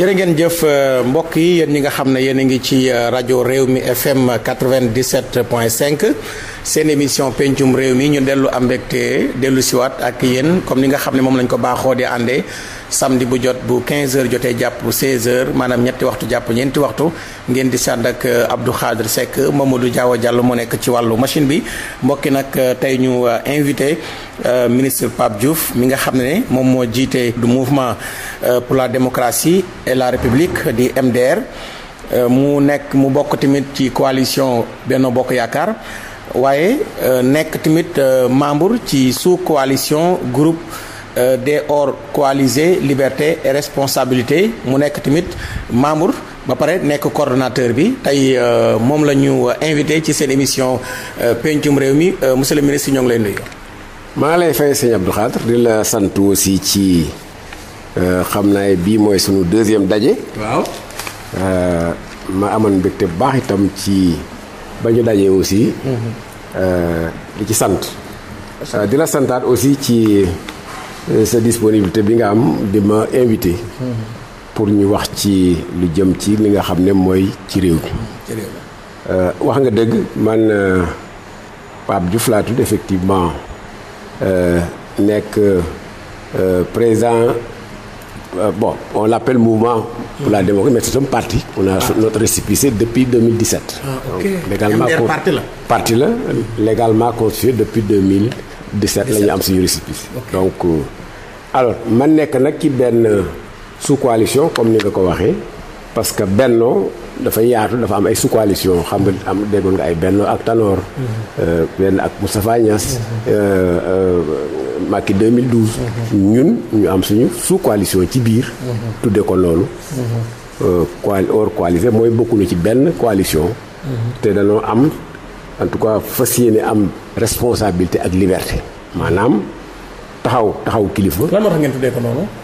jërë ngeen jëf euh, mbokk yi yéen ñi nga xam ne yéen a ngi ci euh, rajo réew mi FM point 97.5 seen émission pencum réew mi ñu dellu am mbégte dellu siwaat ak yéen comme ni nga xam ne moom lañ ko baaxoo di àndee samedi bu jot bu 15h jotee jàpp 16h maanaam ñetti waxtu jàpp ñeenti waxtu ngeen di sànd ak euh, Abdou Khadre Seck Mamadou Diaw jàll moo nekk ci wàllu machine bi mbokki nag euh, tey ñu euh, invité ministre Pape Diouf mi nga xam ne moom moo jiite du mouvement pour la démocratie et la république di MDR mu nekk mu bokk tamit ci coalition Benno Bokk Yaakaar. waaye euh, nekk tamit euh, membre ci sous coalition groupe euh, des hors coalisés liberté et responsabilité mu nekk tamit membre ba pare nekk coordonnateur bi tey moom la ñu invité ci seen émission pencum réew mi monsieur le ministre ñoo ngi lay nuyu. maa lay fay sëñ Abdou Khadre di la sant aussi ci xam naa bii mooy sunu deuxième daje. waaw ma amoon mbégte bu baax itam ci. ba ñu dajee aussi. li mhm. euh, ci sant. Euh, di la santaat aussi ci euh, sa disponibilité bi nga am di ma invité. Mhm. pour ñu wax ci lu jëm ci li nga xam ne mooy ci réew mi. wax nga dëgg man Pape Diouf laa tudd effectivement nekk président. euh, bon, on l'appelle mouvement pour la démocratie, mais c'est un parti. On a ah. notre récépissé depuis 2017. Ah, okay. Donc, légalement parti la. parti la légalement constitué depuis 2017 la ñu am suñu récépissé. donc euh, alors man nekk nag ci benn sous coalition comme ni nga ko waxee parce que Benno dafa yaatu dafa am ay sous coalition xam nga am déggoon nga ay Benno ak Tanor. Mm-hmm. Euh, benn ak Moustapha Niass. Mm-hmm. Euh, euh, Macky 2012. Mm-hmm. ñun ñu am suñu sous coalition ci biir. tudde ko loolu. coal or coalisé mooy bokkuñu ci benn coalition. te danoo am en tout cas fas yéene am responsabilité ak liberté maanaam. taxaw taxaw kilifa. lan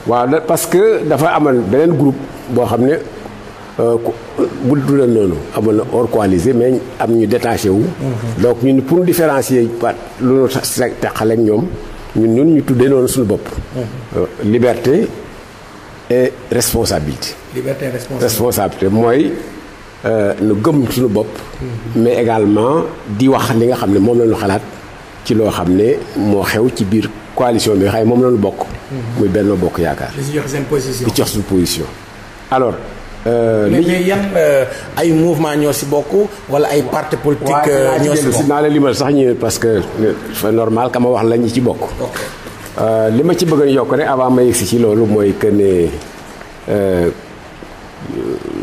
waaw parce dafa amal beneen groupe boo xam ne. Euh, bu du dul noonu amoon na hors coalisé mais am ñu détaché wu. Mhm. donc ni pour différencier par lu nu taxaleeg ñoom ñun ñun ñu tuddee noonu suñu bopp. Mhm. Euh, liberté et responsabilité. liberté et responsabilité mooy euh, nu gëm suñu bopp. Mhm. mais également di wax li nga xam ne moom la ñu xalaat ci loo xam ne moo xew ci biir coalition bi nga xam ne moom la ñu bokk. muy Benno Bokk Yaakaar. di ci jox jox suñu position alors. Euh, li ñuy yan euh, ay mouvement ñoo si bokk wala ay parti politique euh, ñoo si bokk naa la limal sax ñu parce que normal ka ma wax la ñu ci bokk li ma ci bëgg a yokk rek avant ma yegsi ci loolu mooy que ne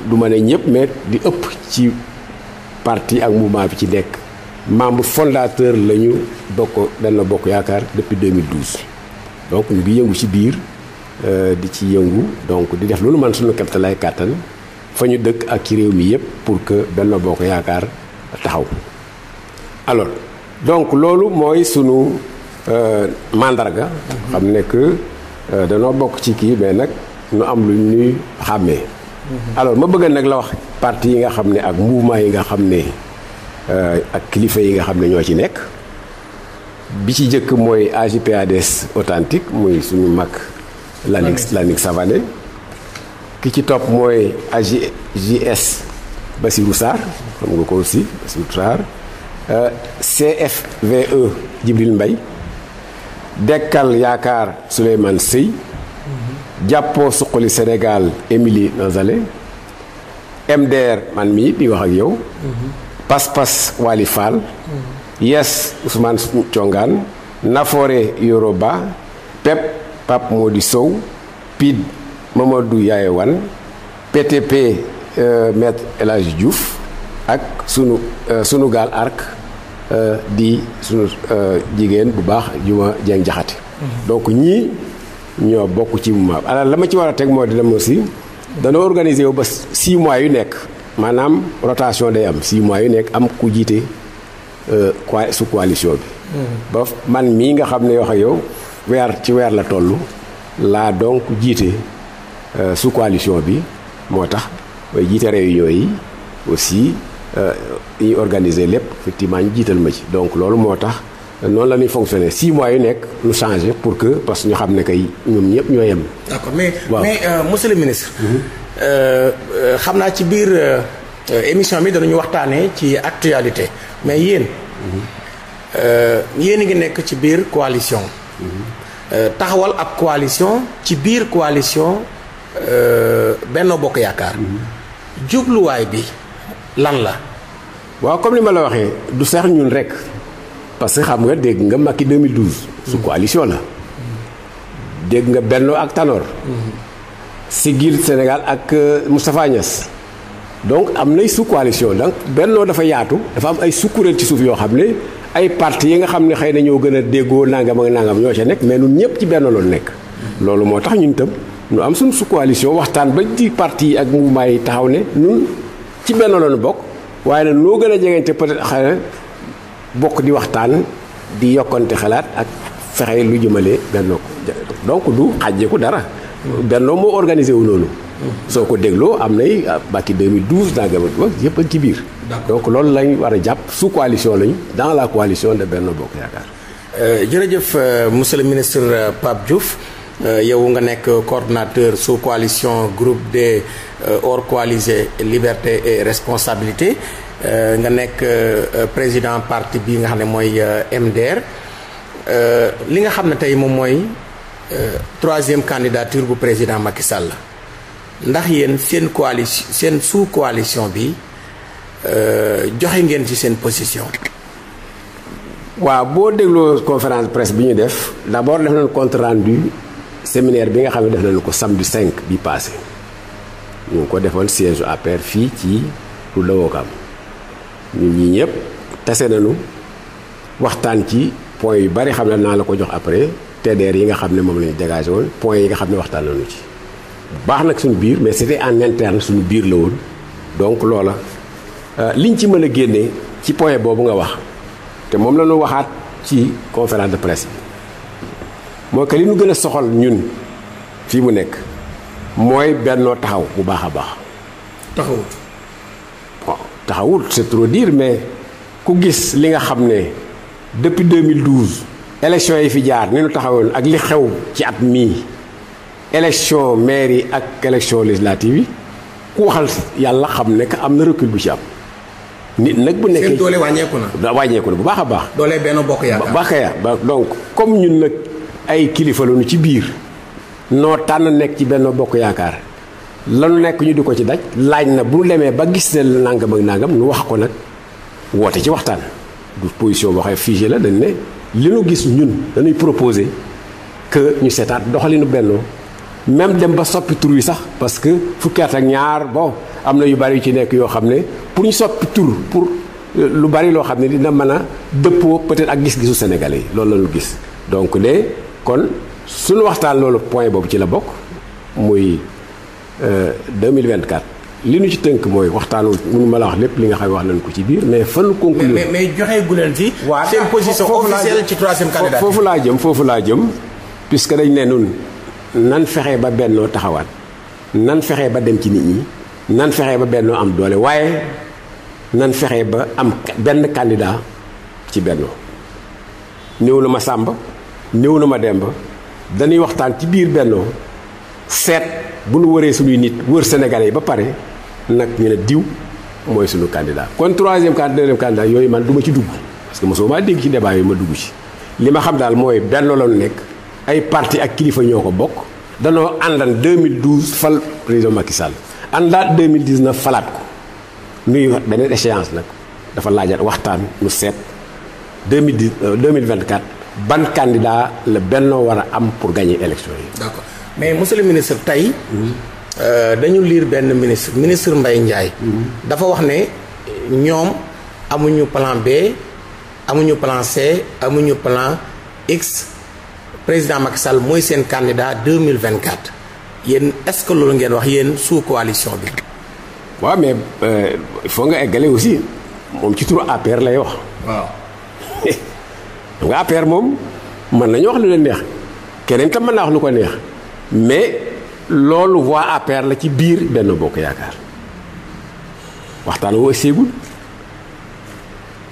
du ma ne ñëpp mais di ëpp ci parti ak mouvement bi ci nekk membre fondateur la ñu bokk Benno Bokk Yaakaar depuis 2012 donc ñu ngi yëngu ci biir Euh, di ci yëngu donc di def loolu man suñu képp lay kàttan fa ñu dëkk ak ci réew mi yëpp pour que Benno Bokk Yaakaar taxaw alors donc loolu mooy sunu euh, mandarga. xam ne que euh, danoo bokk ci kii mais nag nu am lu ñuy xàmmee. Mhm. alors ma bëgg nag la wax parti yi nga xam ne ak mouvement yi nga xam ne ak kilifa yi nga xam ne ñoo ci nekk bi ci jëkk mooy AJ/PADS authentique muy suñu mag. l'annexe l'annexe Savané ki ci topp mooy AJS Bassirou Sarr xam nga ko aussi Bassirou Sarr euh, CFVE Djibril Mbaye Dekkal Yaakaar Souleymane Sey mhm. Jàppoo Suqali Sénégal Émilie Nanzale MDR man mii di wax ak yow mhm. Pas-Pas Wali Fall mhm. Yes Ousmane Thiongaan Nafoore Yoroba PEP Pape Mody Sow PID du Yaye Wane PTP euh, maître El Hadji Diouf ak sunu euh, sunu gaal arc euh, di sunu jigéen bu baax Juma Dieng Jaxate mhm. donc ñi ñoo bokk ci mouvement bi alors la ma ci war a teg moo di dem aussi danoo organiser wu ba 6 mois yu nekk maanaam rotation day am 6 mois yu nekk am ku jiite su coalition bi mhm. ba man mii nga xam ne wax ak yow weer ci weer la toll laa donc jiite euh, sous coalition bi moo tax bay jiite réunion yi aussi ñuy euh, organiser lépp effectivement ñu jiital ma ci donc loolu moo tax noonu la ñuy fonctionner six mois yu nekk ñu changer pour que parce que ñu xam ne kay ñoom ñëpp ñoo yem. d'accord mais waaw. mais euh, monsieur le mm-hmm. euh, xam naa ci biir émission bi danañu waxtaanee ci actualité mais yéen. Mm-hmm. yéen a ngi nekk ci biir coalition. Euh, taxawal ab coalition ci biir coalition euh, Benno Bokk Yaakaar. Mhm. jubluwaay bi lan la. waaw comme li ma la waxee du sax ñun rek parce que xam nga dégg nga Macky 2012. su mhm. coalition la. dégg nga Benno ak Tanor. Mhm. Siggil Sénégal ak euh, Moustapha Niass. donc am nay sous coalition donc Benno dafa yaatu dafa am ay sous ci suuf yoo xam ne. ay parti yi nga xam ne xëy na ñoo gën a déggoo nangam ak nangam ñoo ca nekk mais ñun ñëpp ci benn loolu nekk. loolu moo tax ñun tam ñu am suñu su coalition waxtaan ba ci parti yi ak mouvement yi taxaw ne ñun ci benn loolu bokk waaye na noo gën a jegeante peut-être xëy bokk di waxtaan di yokkante xalaat ak fexe lu jëmale bennoo ko donc du xàjjeeku dara. bennoo moo organisé wu noonu. soo ko dégloo am nay ah, bàkki 2012 nangam ak yëpp ci biir. donc loolu lañ war a jàpp sous coalition lañ dans la coalition de Benno Bokk Yaakaar. Euh, jërëjëf euh, monsieur le ministre euh, Pape Diouf. yow nga nekk coordinateur sous coalition groupe des hors coalisés liberté et responsabilité nga nekk président parti bi nga xam ne mooy MDR li nga xam ne tey moom mooy troisième candidature bu président Macky Sall ndax yéen seen coalition seen sous coalition bi Euh, joxe ngeen ci seen position. waaw boo dégloo conférence presse bi ñu def d' abord def nañu compte rendu séminaire bi nga xam ne def nañu ko samedi cinq bi passé ñu ngi ko defoon siège u fii ci Louga Wokam ñii ñëpp tase nañu waxtaan ci point yu bari xam ne naa la ko jox après TDR yi nga xam ne moom la ñu dégagé woon point yi nga xam ne waxtaan nañu ci. baax nag suñu biir mais c'était en interne suñu biir la woon donc loola. Euh, liñ ci mën a génnee ci point boobu nga wax te moom la ñu waxaat ci conférence de presse bi mooy que li ñu gën a soxal ñun fii mu nekk mooy bennoo taxaw bu baax a baax. taxawut. bon taxawut c'est dire mais ku gis li nga xam ne depuis 2012. élection yi fi jaar ni ñu taxawoon ak li xew ci at mii élection maire yi ak élection législative yi ku waxal yàlla xam nekk am na recul bu ci am. nit nag bu nekkee seen doole wàññeeku na. wàññeeku na bu baax a baax. doole benn bokk yaakaar baax a donc comme ñun nag ay kilifa lañu ci biir noo tànn nekk ci benn bokk yaakaar lanu nekk ñu di ko ci daj. laaj na bu lemee ba gis ne nangam ak nangam nu wax ko nag woote ci waxtaan du position boo fiise la dañ ne li nu gis ñun dañuy proposer que ñu seetaat doxalinu bennoo même dem ba soppi tur wi sax parce que fukki at ak ñaar bo am na yu bari yu ci nekk yoo xam ne pour ñu soppi tur pour euh, lu bari loo xam ne dina mën a dëppoo peut-être ak gis-gisu Sénégalais yi loolu la ñu gis. donc de kon suñu waxtaan loolu point boobu ci la bokk muy 2024. Euh, li nu ci tënk mooy waxtaanu mënu ma la wax lépp li nga xam wax nañu ko ci biir mais fan. conclure mais mais joxe gu leen ci. seen ci troisième candidat foofu laa jëm foofu laa jëm. puisque dañ ne nun nan fexe ba bennoo taxawaat nan fexe ba dem ci nit ñi nan fexe ba bennoo am doole waaye nan fexe ba am benn candidat ci bennoo néew na ma sàmba néew na ma demba dañuy waxtaan ci biir bennoo seet bu nu wëree suñuy nit wër sénégalais yi ba pare nag ñu ne diw mooy suñu candidat kon troisième candidat deuxième candidat yooyu man du ma ci dugg parce que mosoo maa dégg ci débat yi ma dugg ci li ma xam daal mooy benn loolu nekk ay parti ak kilifa ñoo ko bokk danoo àndan 2012 fal président Macky Sall àndaat 2019 falaat ko nuy beneen échéance nag dafa laajaat waxtaan nu seet 2010 2024 euh, ban candidat la Benno war a am pour gagner élection yi. d'accord mais monsieur le ministre tey. Euh, dañu liir benn ministre ministre Mbaye Ndiaye. Mm-hmm. dafa wax ne ñoom amuñu plan B amuñu plan C amuñu plan X. président Macky Sall mooy seen candidat 2024 yéen est-ce que loolu ngeen wax yéen sous coalition bi. waaw mais euh, il faut nga eggale aussi moom ci turu APR lay wax. waaw. xam nga APR moom mën nañu wax lu leen neex keneen tam mën naa wax lu ko neex mais loolu voix APR la ci biir Benno Bokk Yaakaar waxtaan woo séegul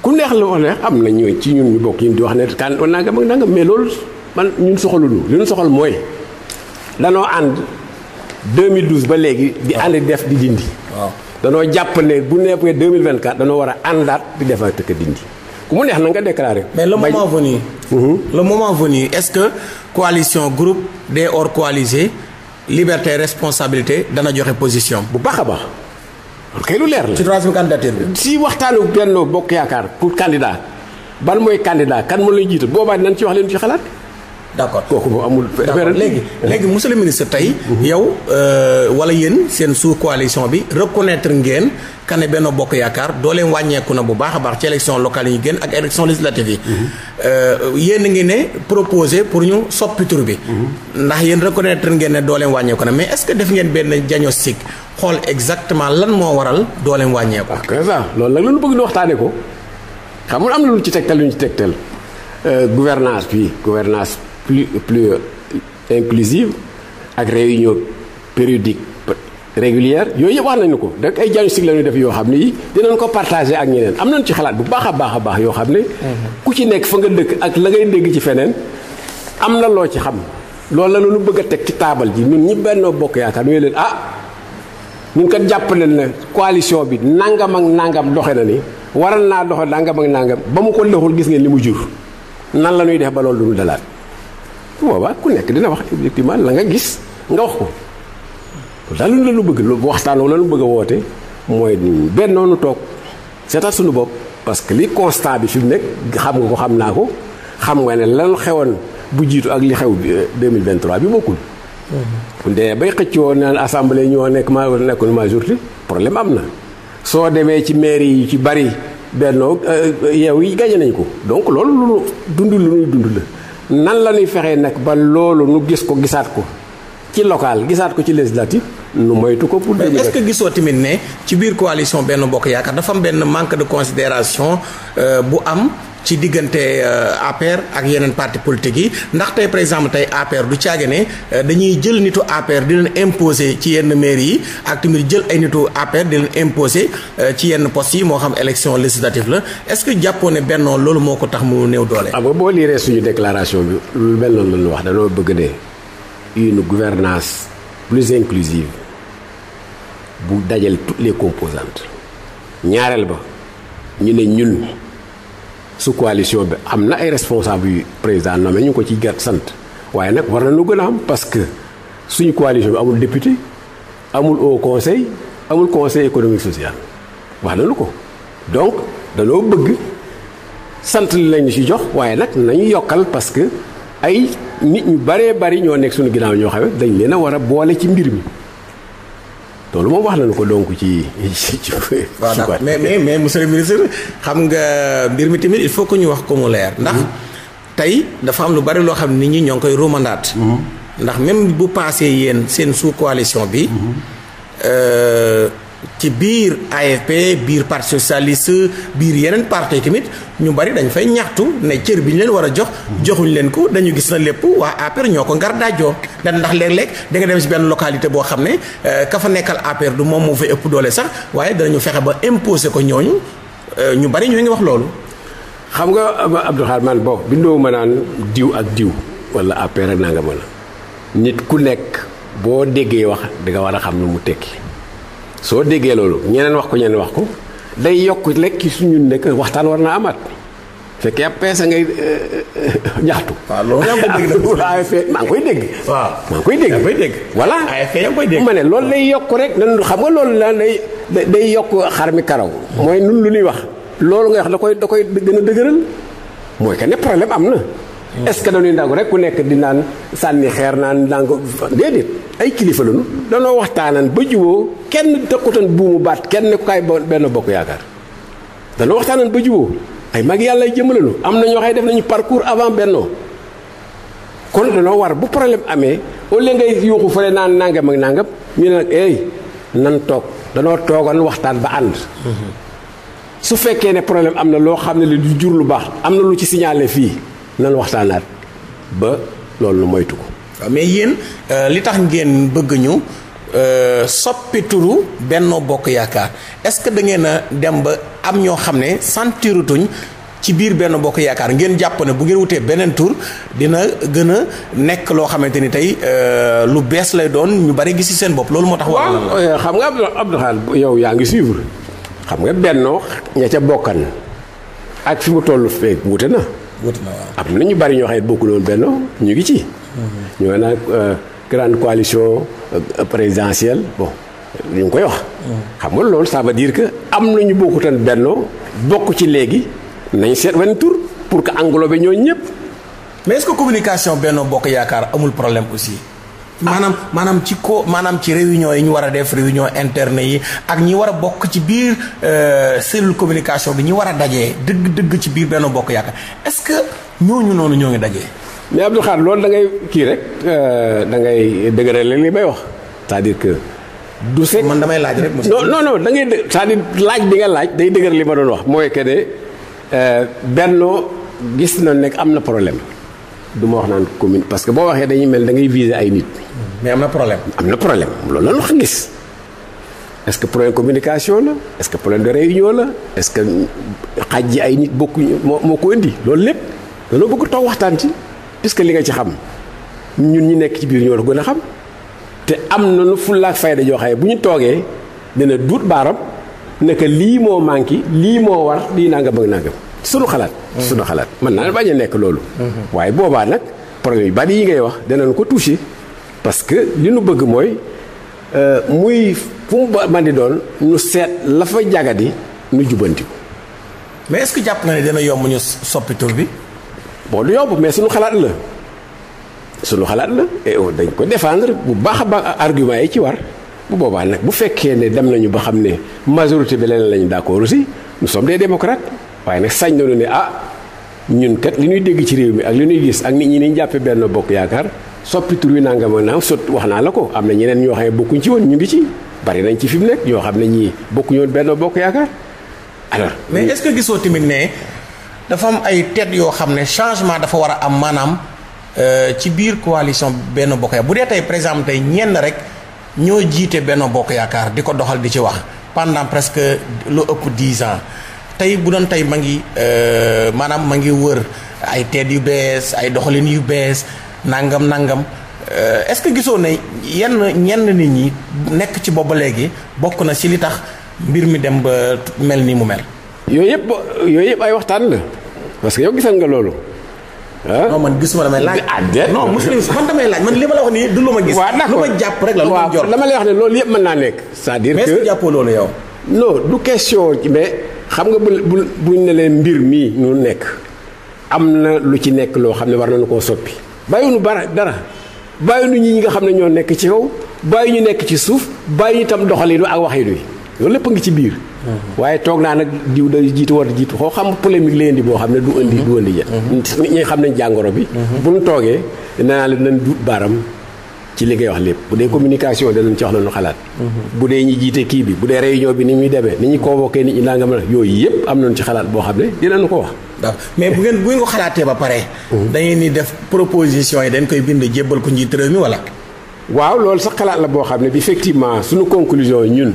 ku neex la wax neex am na ñooñu ci ñun ñu bokk ñu di wax ne kan nangam ak nangam mais loolu. man ñun soxaluñu li ñu soxal mooy danoo ànd 2012 ba léegi di ànd di def di dindi danoo jàpp ne bu nekkee 2024 danoo war a àndaat di defaat ak dindi ku mu neex na nga déclaré mais le moment venu mhm. le moment venu est-ce que coalition groupe des or coalisés liberté responsabilité dana joxe position bu baax a baax kay lu leer la ci troisième candidature bi si waxtaanu Benno Bokk Yaakaar pour candidat ban mooy candidat kan moo lay jiital boobaa dinañ ci wax leen ci xalaat d' accord kooku moom amul. léegi léegi monsieur le ministre tey. Mhm. yow euh, wala yéen seen sous coalition bi reconnaître ngeen que benn Benno Bokk Yaakaar dooleem wàññeeku na bu baax a baax ci élection locale yi génn ak élection législative yi. Mhm. Euh, yéen a ngi ne proposé pour ñu soppitur tur bi. Mhm. ndax yéen reconnaître ngeen ne dooleem wàññeeku na mais est ce que def ngeen benn diagnostic xool exactement lan moo waral dooleem wàññeeku. ok ah, loolu nag lu ñu bëgg ñu waxtaanee ko xam nga am na lu ñu ci tegtal lu ñu ci tegtal euh, gouvernance bi plus plus euh, inclusive ak réunion périodique régulière yooyu yëpp wax nañu ko donc ay diagnostic la ñuy def yoo xam ne yi dinañ ko partager ak ñeneen am nañ ci xalaat baax a baax a baax yoo xam ne mhm. ku ci nekk fa nga dëkk ak la ngay dégg ci feneen am na loo ci xam loolu la ñu bëgg a teg ci taabal ji ñun ñi bennoo bokk yaakaar yooyu leen ah ñun kat jàpp leen na coalition bi nangam ak nangam doxe na ni waral naa doxe nangam ak nangam ba mu ko lëxul gis ngeen li mu jur nan la ñuy def ba loolu du ñu dalaat bu boobaa ku nekk dina wax effectivement la nga gis nga wax ko daal lu lu bëgg lu waxtaan la lu bëgg a woote mooy benn noonu toog seetal suñu bopp parce que li constat bi fi mu nekk xam nga ko xam naa ko xam nga ne lan xewoon bu jiitu ak li xew 2023 euh, bi bokkul. bu mm-hmm. dee bay xëccoo naan assemblée ñoo nekk ma nekkul majorité problème am na. soo demee ci mairie yi ci bari bennoo euh, euh, yeew yi gañe nañ ko donc loolu lu dund lu ñuy dund la. nan la ñuy fexee nag ba loolu nu gis ko gisaat ko ci local gisaat ko ci législatif nu moytu ko pour. mais est gisoo tamit ne ci biir coalition benn bokk yaakaar dafa am benn manque de considération euh, bu am. ci diggante euh, APR ak yeneen parti politique yi ndaxte tey par exemple tey APR du caage ne euh, dañuy jël nitu APR di leen imposer ci yenn mairie yi ak tamit jël ay nitu APR di leen imposer euh, ci yenn post yi moo xam élection législative la est-ce que jàppoo ne Benno loolu moo ko tax mu néew doole. ah boo liiree suñu déclaration bi lu mel noonu la lu wax dañoo bëgg ne une gouvernance plus inclusive bu dajale toutes les composantes ñaareel ba ñu ne ñun. su coalition bi am na ay responsable yu président nommé ñu ko ci gàtt sant waaye nag war na nu gën a am parce que suñu coalition bi amul député amul o conseil amul conseil économique social wax nañu ko donc danoo bëgg sant lañu ci jox waaye nag nañu yokkal parce que ay nit ñu baree bari ñoo nekk suñu ginnaaw ñoo xam ne dañ leen a war a boole ci mbir mi loolu moom wax nañu ko donc ci ci mais mais mais monsieur le ministre xam nga mbir mi tamit il faut que ñu wax ko mu leer. ndax mhm. tey dafa am lu bari loo xam nit ñi ñoo ngi koy rumandaat. Mhm. ndax même bu paasee yéen seen sous coalition bi. Mhm. Euh, ci biir AFP biir parti socialiste biir yeneen parti tamit ñu bari dañ fay ñaxtu ne cër bi ñu leen war a jox. joxuñ leen ko dañu gis na lépp waa APR ñoo ko ngar daajoo. ndax ndax léeg-léeg da nga dem si benn localité boo xam ne euh, ka fa nekkal APR du moom moo fay ëpp doole sax waaye danañu fexe ba imposer ko ñooñu euh, ñu bari ñoo ngi wax loolu. xam nga Abdou Khadre bo boo bindoo ma naan diw ak diw wala APR ak nangam la nit ku nekk boo déggee wax di war a xam lu mu tekki. soo déggee loolu ñeneen wax ko ñeneen wax ko day yokk lekk suñu nekk waxtaan war naa amaat fekkee ab peese ngay euh, jaxtu. waaw loolu maa ngi koy dégg. waaw maa ngi koy dégg. maa ngi ma ne loolu lay yokk rek nan xam nga loolu la day day yokk xar mi karaw. mooy nun lu ñuy wax. loolu nga wax da koy da koy gën a dëgëral mooy que ne problème am na. est-ce que dañuy ndangu rek ku nekk di naan sànni xeer naan ndangu ay kilifa lañu danoo waxtaanan ba juboo kenn te dëkkutoon buumu baat kenn ne ku kaay benn bokk yaakaar danoo waxtaanan ba juboo ay mag yàlla ay jëmm lañu am na ñoo xay def nañu parcours avant bennoo kon danoo war bu problème amee au lieu ngay yuuxu fële naan nangam ak nangam ñu ne nag ey nan toog danoo toogoon waxtaan ba ànd mhm. su fekkee ne problème am na loo xam ne lu jur lu baax am na lu ci signalé fii nan waxtaanaat ba loolu moytu ko. waaw mais yéen euh, li tax ngeen bëgg ñu euh, soppi turu benn Bokk Yaakaar est-ce que da ngeen dem ba am ñoo xam ne tuñ ci biir benn Bokk Yaakaar ngeen jàpp ne bu ngeen wutee beneen tur dina gën a nekk loo xamante ni tey euh, lu bees lay doon ñu bari gis ci seen bopp loolu moo tax. waaw xam nga Abdou Khadre yow yaa ngi suivre xam nga Benno ña ca bokkan ak fi mu toll fee wute na. wut am na ñu bari ñoo xam ne bokkul woon ñu ngi ci. ñu nga naan euh, grande coalition euh, présidentielle bon ñu ngi koy wax. xam nga loolu ça veut dire que am na ñu bokkutoon bennoo bokk ci léegi nañ seet wen tur pour que englober ñooñu ñëpp. mais est-ce que communication Benno Bokk Yaakaar amul problème aussi. maanaam maanaam ci ko maanaam ci réunion yi ñu war a def réunion interne yi ak ñi war a bokk ci biir euh, cellule communication bi ñi war a dajee dëgg dëgg ci biir Benno Bokk Yaakaar est-ce que ñooñu noonu ñoo ngi dajee. mais Abdou Khadre loolu da ngay kii rek euh, da ngay dëgëral leen li may wax c'est-à-dire que. du se man damay laaj rek. non non non da ngay dë cest à laaj bi nga laaj day dëgëral li ma doon wax mooy que ne euh, Benno gis na nekk am na problème. du ma wax naan commune parce que boo waxee dañuy mel da ngay viser ay nit. mais ma na problème. am na problème loolu la ñu gis est-ce que problème communication la est-ce que problème de réunion la est-ce que xaj ji ay nit bokkuñu moo moo ko indi loolu lépp dañoo bëgg toog waxtaan ci puisque li nga ci xam ñun ñi nekk ci biir ñoo la gën a xam te am na nu fullaak fayda joo xaye bu ñu toogee dina duut baaram naka lii moo manqué lii moo war lii nangam ak nangam. sunu xalaat. sunu xalaat mën naa bañ a nekk loolu. waaye boobaa nag problème yu bari yi ngay wax danañ ko touché parce que li nu bëgg mooy euh, muy fu mu man di doon ñu seet la fa jagadi ñu jubanti ko. mais est-ce jàpp na ne dina yomb ñu soppi tur bi. bon du yomb mais sunu xalaat la sunu xalaat la et dañ ko défendre bu baax a baax argument yi ci war. bu boobaa nag bu fekkee ne dem nañu ba xam ne majorité bi leneen lañu d'accord aussi nous sommes des démocrates waaye nag sañ nañu ne ah ñun kat li ñuy dégg ci réew mi ak li ñuy gis ak nit ñi ni ñu jàppee benn bokk yaakaar soppi tur wi nangam a naam sot wax naa la ko am na ñeneen ñoo xam ne bokkuñ ci woon ñu ci bari ci fi mu nekk ñoo xam ne benn bokk yaakaar alors. mais est-ce que gisoo tamit ne dafa am ay tête yoo xam ne changement dafa war a am maanaam euh, ci biir coalition benn bokk yaakaar bu dee tey par exemple tey ñenn rek ñoo jiite benn bokk yaakaar di ko doxal di ci wax pendant presque lu ëpp dix ans. tey bu doon tey ma ngi euh, maanaam ma ngi wër ay teet yu bees ay doxalin yu bees nangam nangam euh, est-ce que gisoo ne yenn ñenn nit ñi nekk ci boobu léegi bokk na ci li tax mbir mi dem ba mel nii mu mel. yooyu yëpp yooyu yëpp ay waxtaan la parce que yow gisal nga loolu. Ah? non man gisuma damay laaj. Ah, non muslim man damay laaj man li ma la wax nii du lu ma gis. waaw d'accord lu ma jàpp rek la lu ma jor. dama lay wax ne loolu yëpp mën naa nekk. c'est-à-dire que jàppoo loolu yow. non du question mais. xam nga bu bu buñ ne leen mbir mii ñu nekk am na lu ci nekk loo xam ne war nañu koo soppi bàyyiwuñu bara dara ñu ñi nga xam ne ñoo nekk ci kaw bàyyi ñu nekk ci suuf bàyyi ñu itam doxalinu ak waxin wi loolu lépp ngi ci biir. Mm-hmm. waaye toog naa nag diw da jiitu war jiitu xoo xam polémique leen di boo xam ne du indi du indi ja. nit mm-hmm. xam ne jàngoro bi. Mm-hmm. bu ñu toogee nee naa leen duut baaram. ci li ngay wax lépp bu dee communication danañ ci wax loolu xalaat bu dee ñi jiite kii bi bu dee réunion bi ni muy demee ni ñu convoqué nit ñi naa nga mën a yooyu yëpp am nañu ci xalaat boo xam ne dinañu ko wax mais bu ngeen bu ngeen ko xalaatee ba pare mhm. dangeen ni def proposition yi dañ koy bind jébbal ko njiit réew mi wala waaw loolu sax xalaat la boo xam ne bi effectivement suñu conclusion ñun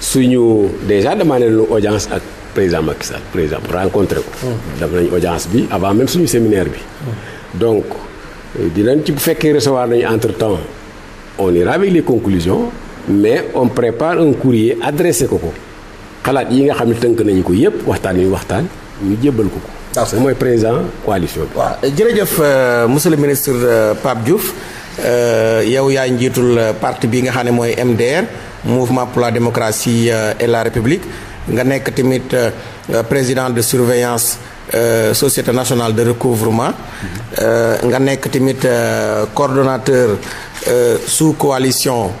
suñu déjà demandé nañu audience ak président Macky Sall président rencontré ko mhm. def nañu audience bi avant même suñu séminaire bi mhm. donc dinañ ci bu fekkee recevoir nañu entre temps on ira avec les mais on prépare un courrier adressé ko ko xalaat yi nga xam ne tënk nañu ko yépp waxtaan yu waxtaan ñu jébbal ko ko. parce que mooy président coalition bi. jërëjëf euh, monsieur le ministre euh, Pape Diouf euh, yow yaa njiitul parti bi nga xam ne mooy MDR mouvement pour la démocratie et la république nga nekk tamit président de surveillance. Euh, société nationale de recouvrement euh, nga nekk tamit euh, coordonnateur sous coalition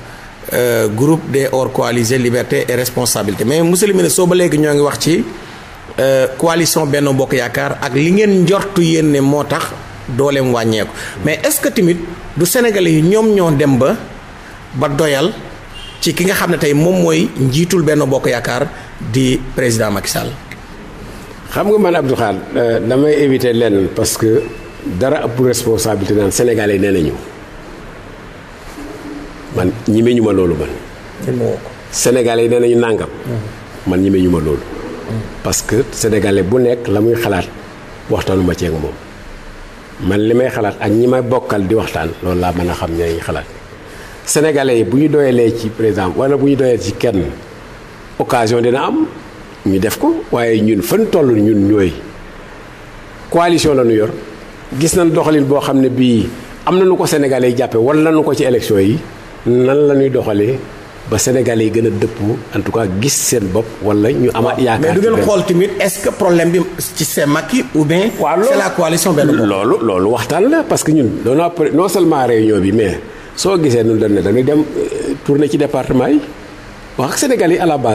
groupe des hors coalisés liberté et responsabilité mais monsieur le soo ba léegi ñoo ngi wax ci coalition benn Bokk Yaakaar ak li ngeen njortu yéen ne moo tax dooleem wàññeeku mais est-ce que tamit du Sénégalais yi ñoom ñoo dem ba ba doyal ci ki nga xam ne tey moom mooy njiitul benn Bokk Yaakaar di président Macky Sall. xam nga man Abdou Khad euh, damay éviter lenn parce que dara ëpp responsabilité naan Sénégalais yi nee nañu man ñime ñu ma loolu man. Sénégalais yi nee nañu nàngam. Mm-hmm. man ñime ñu ma loolu. Mm-hmm. parce que sénégalais bu nekk la muy xalaat waxtaanu ma ceeg moom man li may xalaat ak ñi ma bokkal di waxtaan loolu laa mën a xam ñay xalaat sénégalais yi bu ñu doyalee ci président wala bu ñu doyalee ci kenn occasion dina am. ñu def ko waaye ñun fan toll ñun ñooy coalition la ñu yor gis nañ doxalin boo xam ne bii am na nu ko sénégalais yi jàppe wala nañu ko ci élection yi nan la ñuy doxalee ba sénégalais yi gën a dëppoo en tout cas gis seen bopp wala ñu amaat yaakaar mais du ngeen tamit est-ce que problème bi ci c'est Macky ou bien waaw loolu c'est la coalition benn bopp loolu loolu waxtaan la parce que ñun doona non seulement réunion bi mais soo gisee ñun dañ ne dañuy dem euh, tourner ci département yi wax ak sénégalais yi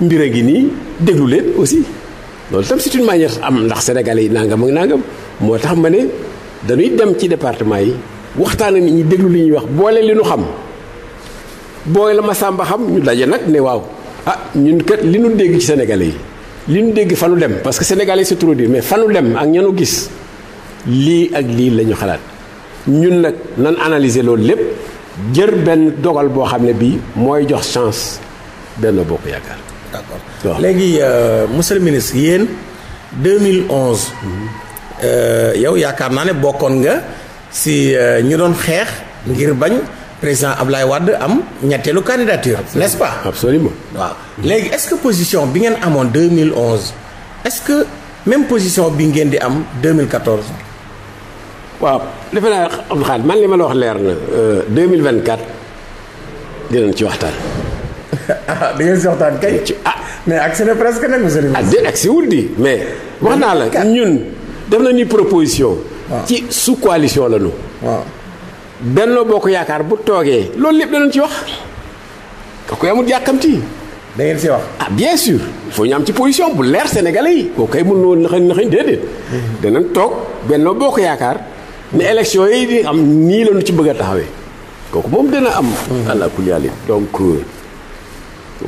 mbir a ngi nii déglu leen aussi loolu tam c'est une am ndax sénégalais yi nangam ak nangam moo tax ma ne dañuy dem ci département yi waxtaan ak nit ñi déglu li ñuy wax boole li nu xam booy la ma sàmba xam ñu daje nag ne waaw ah ñun kat li ñu dégg ci sénégalais yi li ñu dégg fanu dem parce que sénégalais c'est trop dur mais fanu dem ak ñanu gis lii ak lii lañu xalaat ñun nag nan analyser loolu lépp jër benn dogal boo xam ne bii mooy jox chance benn bokk yaakaar d'accord waaw léegi euh, monsieur le ministre yéen 2011. Euh, yow yaakaar naa ne bokkoon nga si euh, ñu doon xeex ngir bañ président Ablaye Wade am ñetteelu candidature. nest pa pas. waaw léegi est-ce que position bi ngeen amoon 2011 est-ce que même position bi ngeen di am 2014. waaw defe naa Abdou Khadre man li ma la wax leer na 2024 dinañ ci waxtaan. ah di ngeen si waxtaan kay. ah mais agsi na presque nag monsieur le ah, ministre. ah déet agsi wul di mais. wax naa la ñun def nañu proposition. ci sous coalition la ñu. waaw Benno Bokk Yaakaar bu toogee loolu lépp danañ ci wax. kooku amul yàkkamti. da ngeen si wax. ah bien sûr il faut ñu am ci position bu leer sénégalais yi. kooku kay mën na naxañ naxañ déedéet. Mhm. danañ toog Benno Bokk Yaakaar. ne mhm. élection yi di am nii la ñu ci bëgg a taxawee. kooku moom dana am. Mhm. allah kulli donc. Euh,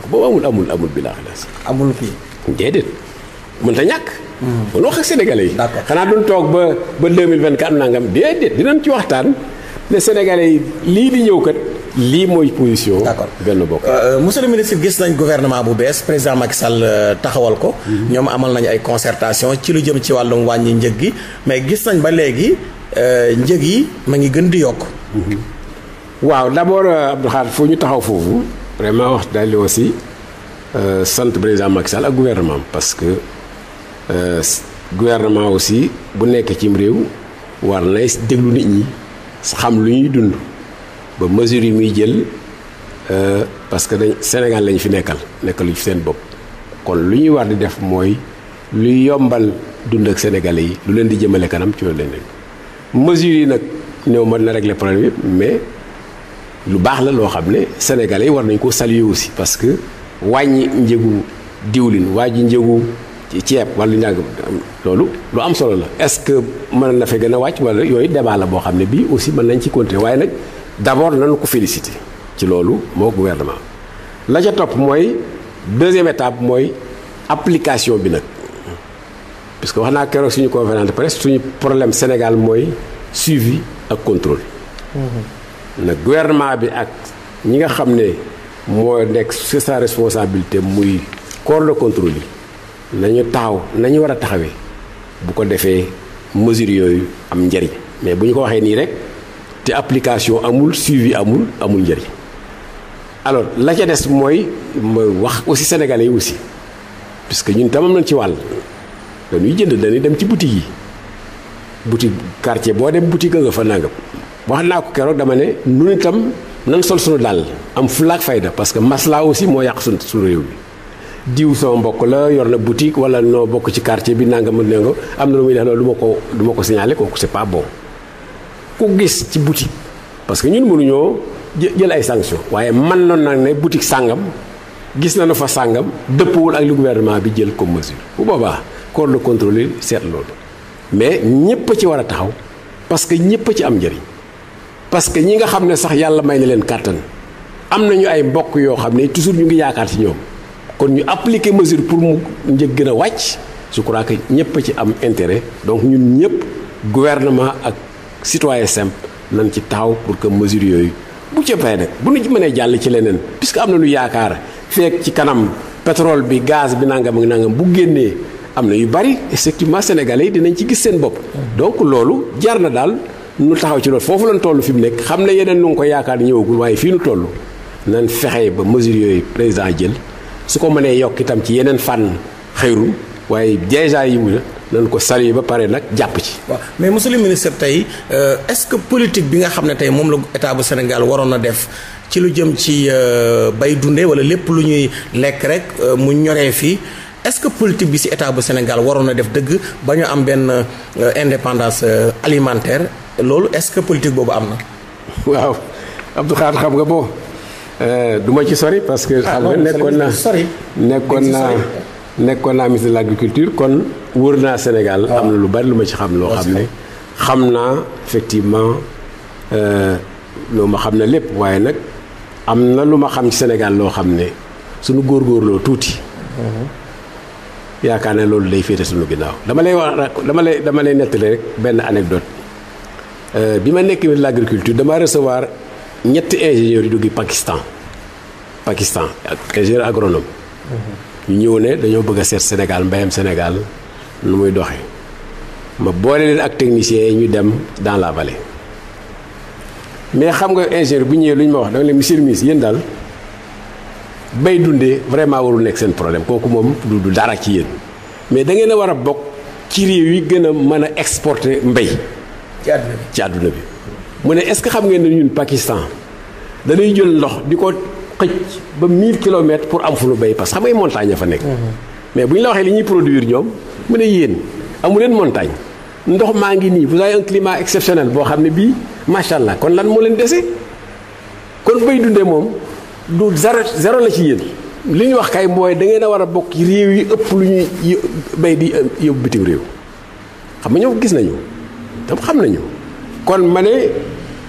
boobu amul amul amul bilaa xilaas. amul kii. mun mënta ñàkk. Hmm. mën wax ak sénégalais yi. d'accord xanaa duñ toog ba ba 2024 nangam déedéet dinañ ci waxtaan ne sénégalais yi lii di ñëw lii mooy position. d'accord benn bokk. Euh, monsieur le ministre gis nañ gouvernement bu bees président Macky Sall euh, taxawal ko. Hmm. ñoom amal nañu ay concertation ci lu jëm ci wàllum wàññi njëg gi mais gis nañ ba léegi euh, njëg yi ma ngi gën di yokk. Hmm. waaw d'abord Abdou Khadre fu ñu taxaw foofu. vraiment wax daal di aussi euh, sant président Macky Sall ak gouvernement parce que euh, gouvernement aussi bu nekk cim réew war nay déglu nit ñi xam lu ñuy dund ba mesure yi muy jël euh, parce que dañ Sénégal lañu fi nekkal nekkaluñ fi seen bopp kon lu ñuy war di def mooy luy yombal dund ak Sénégalais yi lu leen di jëmale kanam ci loolu lañ nekk mesure yi nag néew mën na régler problème yi mais. lu baax la loo xam ne sénégalais yi war nañ ko saluer aussi parce que wàññi njëgu diwlin wàññi njëgu ceeb wala njàng loolu lu am solo la est-ce que mën na fa gën a wàcc wala yooyu débat la boo xam ne bii aussi mën nañ ci continuer waaye nag d'abord nañu ko féliciter ci loolu moo gouvernement la ca topp mooy deuxième étape mooy application bi nag parce que wax naa keroog suñu conférence de suñu problème Sénégal mooy suivi ak contrôle. Mm-hmm. na gouvernement bi ak ñi nga xam ne moo nekk c'est sa responsabilité muy corps de contrôle yi nañu taxaw nañu war a taxawee bu ko defee mesures yooyu am njariñ mais bu ñu ko waxee nii rek te application amul suivi amul amul njariñ alors la ca des mooy mooy wax aussi sénégalais yi aussi puisque ñun tamam nañ ci wàll dañuy jënd dañuy dem ci boutique yi boutique quartier boo dem boutique nga fa nangam wax naa ko keroog dama ne nun itam nan sol sunu daal am fulaak fayda parce que maslaa aussi moo yàq sunu sunu réew mi diw sama mbokk la yor na boutique wala noo bokk ci quartier bi nanga mën nengo am na lu muy def loolu du ma ko du ma ko signalé kooku c'est pas bon ku gis ci boutique parce que ñun mënuñoo jël ay sanctions waaye man noonu nag ne boutique sàngam gis na nañu fa sàngam dëppwul ak lu gouvernement bi jël comme mesure bu boobaa corps de contrôle seet loolu mais ñépp ci war a taxaw parce que ñépp ci am njëriñ parce que ñi nga xam ne sax yàlla may na leen kàttan am na ñu ay mbokk yoo xam ne toujours ñu ngi yaakaar ci ñoom kon ñu appliquer mesure pour mu njëg gën wàcc je crois que ñëpp a ci am intérêt donc ñun ñëpp gouvernement ak citoyen simple nañ ci taxaw pour que mesure yooyu bu ca pay nag bu nu ci mënee jàll ci leneen puisque am na lu yaakaar feek ci kanam pétrole bi gaz bi nangam ak nangam bu génnee am na yu bari effectivement sénégalais yi dinañ ci gis seen bopp donc nu taxaw ci loolu foofu lañ toll fi mu nekk xam ne yeneen nu ngi ko yaakaar ñëwagul waaye fii nu toll nan fexee ba mesures yooyu président jël su ko mënee yokk itam ci yeneen fànn xëyru waaye déjà yi mu nañ ko saluer ba pare nag jàpp ci. waaw mais monsieur le ministre tey euh, est-ce que politique bi nga xam ne tey moom la état bu Sénégal waroon na def ci lu jëm ci euh, bay dundee wala lépp lu ñuy lekk rek euh, mu ñoree fii. est-ce que politique bi ci état bu Sénégal waroon na def dëgg ba ñu am benn indépendance alimentaire loolu est-ce que politique boobu am na. waaw Abdou xam nga boo euh, du ma ci sori parce que. Ah, xam nga nekkoon naa nekkoon naa nekkoon la ministre de l'agriculture kon wër naa Sénégal. Ah. am na lu bari lu ma ci xam loo xam ne. xam naa effectivement loo euh, ma xam ne lépp waaye nag am na lu ma xam ci Sénégal loo xam ne suñu góorgóorloo tuuti. Mm-hmm. yaakaar ne loolu day féete suñu ginnaaw dama lay wax dama lay dama lay nettali rek benn anecdote Euh, bi ma nekk ministre de l'agriculture dama recevoir ñetti ingénieurs yu duggi Pakistan Pakistan ak ingénieur agronome ñu ñëw ne dañoo bëgg a seet Sénégal mbéyam Sénégal nu muy doxe ma boole leen ak techniciens yi ñu dem dans la vallée mais xam nga ingénieur bu ñëwee lu ñu ma wax da nga leen monsieur le yéen daal bay dundee vraiment warul nekk seen problème kooku moom du dara ci yéen mais da ngeen a war a bokk ci réew yi gën a mën a exporter mbay ci àdduna bi mu ne est-ce que xam ngeen ne ñun Pakistan dañuy jël ndox di ko xëcc ba 1000 kilomètres pour am fu nu béy parce que xam montagne a fa nekk. Mhm. mais bu ñu la waxee li ñuy produir ñoom mu ne yéen amu leen montagne ndox maa ngi nii bu avez un climat exceptionnel boo xam ne bii macha allah kon lan moo leen dese kon bay dundee moom du zéro zéro la ci yéen. li ñu wax kay mooy da ngeen a war a bokk réew yi ëpp lu ñuy bay di yóbbu bitim réew xam nga ñoo gis nañu. tam xam nañu kon ma ne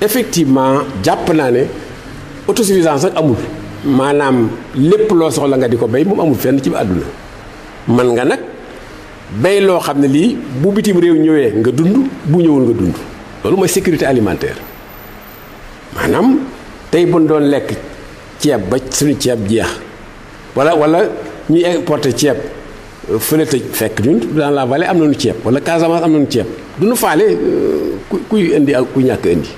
effectivement jàpp naa ne autosuffisance nag amul maanaam lépp loo soxla nga di ko bay mu amul fenn ci àdduna man nga nag bay loo xam ne lii bu bitim réew ñëwee nga dund bu ñëwul nga dund loolu mooy sécurité alimentaire maanaam tey bu doon lekk ceeb ba suñu ceeb jeex wala wala ñuy importer ceeb fële tëj fekk ñun dans la vallée am na nañu ceeb wala Casamance am nañu ceeb du nu faale euh, ku kuy indi ak ku ñàkk indi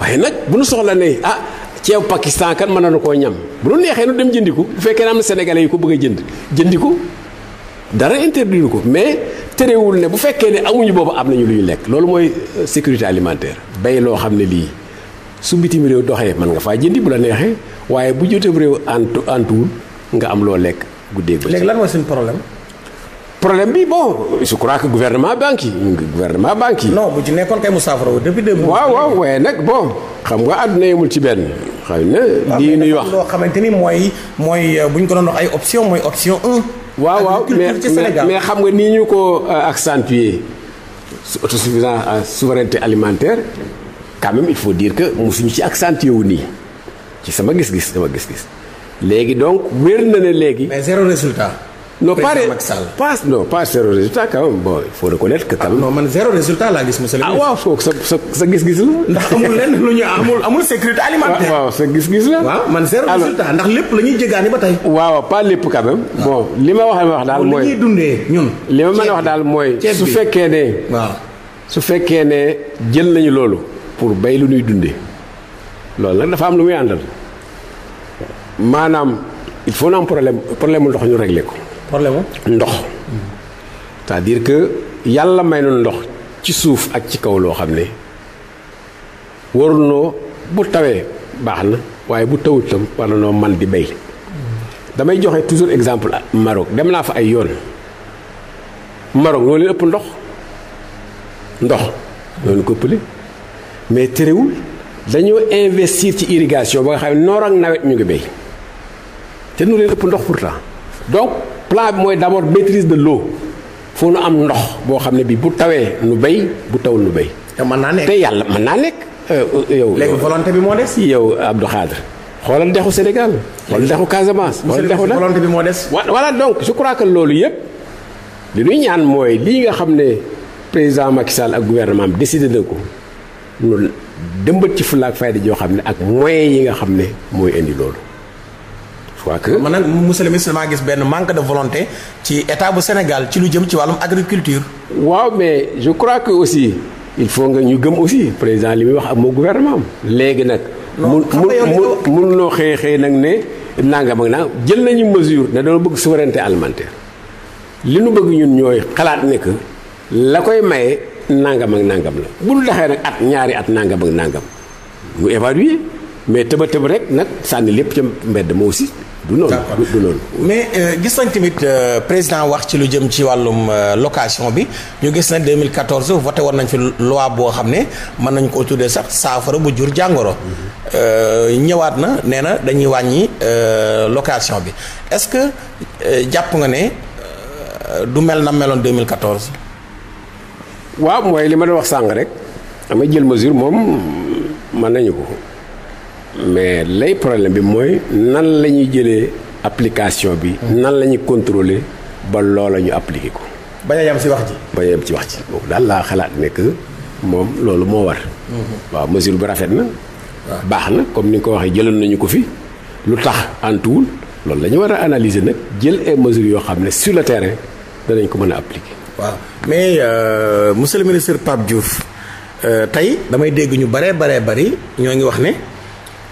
waaye nag bu ñu soxla ne ah ceeb Pakistan kan mën nañu koo ñam bu ñu neexee nu dem jëndiku bu fekkee ne am na sénégalais yi ko bëgg a jënd ko dara interdire ko mais terewul ne bu fekkee ne amuñu boobu am nañu lu ñu lekk loolu mooy euh, sécurité alimentaire bay loo xam ne lii su bitim réew doxee mën nga faa jëndi bu la neexee waay bu jotee réew antu antuwul nga am loo lekk guddee ba léegi lan mooy suñu problème problème bi bon je crois que gouvernement banque yi gouvernement banque yi. non bu ci nekkoon kay mu saafara mois. waaw waaw waaye nag bon xam nga àdduna yemul ci benn. xëy na lii ñuy wax loo xamante ni mooy mooy euh, bu ñu ko doon ay option mooy option un. waaw waaw mais mais xam nga nii ñu ko ak euh, accentuer autosuffisance en euh, souveraineté alimentaire quand même il faut dire que mosuñu ci accentuer wu nii ci sama gis-gis sama gis-gis léegi donc wér na ne léegi. mais non pas pas non pas zéro résultat quand même bon il faut reconnaître que. tamit man zéro résultat laa gis mu le ah, ministre. ah waaw sa sa sa gis-gis la. ndax amul lenn lu ñu amul amul sécurité alimentaire. waaw sa gis-gis la. waaw man zéro résultat ndax lépp la ñuy jéggaani ba tey. waaw pas lépp quand même. Ah. bon li ma wax wax daal mooy li ñuy dundee ñun. ma wax daal mooy. su fekkee ne. waaw su fekkee ne jël nañu loolu. pour bay lu ñuy dundee. loolu nag dafa am lu muy àndal maanaam il faut na am problème problème mu ndox ñu réglé ko. problème ndox cest à que yàlla may nu ndox ci suuf ak ci kaw loo xam ne warunoo bu tawee baax na waaye bu tawut tam war noo man di béy damay joxe toujours exemple Maroc dem naa fa ay yoon Maroc ñoo leen ëpp ndox ndox ñoo leen ko ëppale mais terewul dañoo investir ci irrigation ba nga xam noor ak nawet ñu ngi béy te ñu leen ëpp ndox pourtant donc plan bi mooy d'abord maîtrise de l'eau foo nu am ndox boo xam ne bi bu tawee nu bay bu tawul nu bay te mën naa nekk te yàlla mën naa nekk. Euh, euh, yow léegi volonté bi moo des. yow Abdou xoolal dexu Sénégal. xoolal dexu Casamance. xoolal dexu nag volonté bi moo des. voilà donc je crois que loolu yëpp li ñuy ñaan mooy lii nga xam ne président Macky Sall ak gouvernement bi décidé na ko ñu dëmbët ci fulla ak fayda joo xam ne ak moyens yi nga xam ne mooy indi loolu. fois que. man nag monsieur le gis benn manque de volonté ci état bu Sénégal ci lu jëm ci wàllum agriculture. waaw mais je crois que aussi il faut nga ñu gëm aussi président li muy wax ak moo gouvernement léegi nag. mun mun mun noo xëy xëy nag ne nangam ak nangam jël nañu mesure ne bëgg souveraineté alimentaire li nu bëgg ñun ñooy xalaat ne que la koy maye nangam ak nangam la bu nu daxee nag at ñaari at nangam ak nangam mu évaluer mais tëba tëb rek nag sànni lépp ca mbedd moo aussi du loolu du mais euh, gis nañ tamit euh, président wax ci lu jëm ci wàllum euh, location bi ñu gis na 2014 voté woon nañ fi loi boo xam ne mën nañ ko tuddee sax saafara bu jur jàngoro. ñëwaat na nee na dañuy wàññi location bi est-ce que jàpp nga ne du mel na meloon 2014. waaw mooy li ma doon wax sànq rek. amay jël masur moom mën nañu ko. mais lay problème bi mooy nan la ñuy jëlee application bi. nan la ñuy contrôler ba loola ñu appliqué ko. bañ a yem ci wax ji. ci wax ji boobu daal laa xalaat nekk moom loolu moo war. Mhm. waaw mesure bu rafet na. baax na comme ni nga ko waxee jëloon nañu ko fi lu tax antuwul loolu la ñu war a analyser nag jël ay mesures yoo xam ne sur le terrain danañ ko mën a appliquer. waaw mais euh, monsieur le ministre Pape Diouf euh, tey damay dégg ñu baree baree bari ñoo ngi wax ne.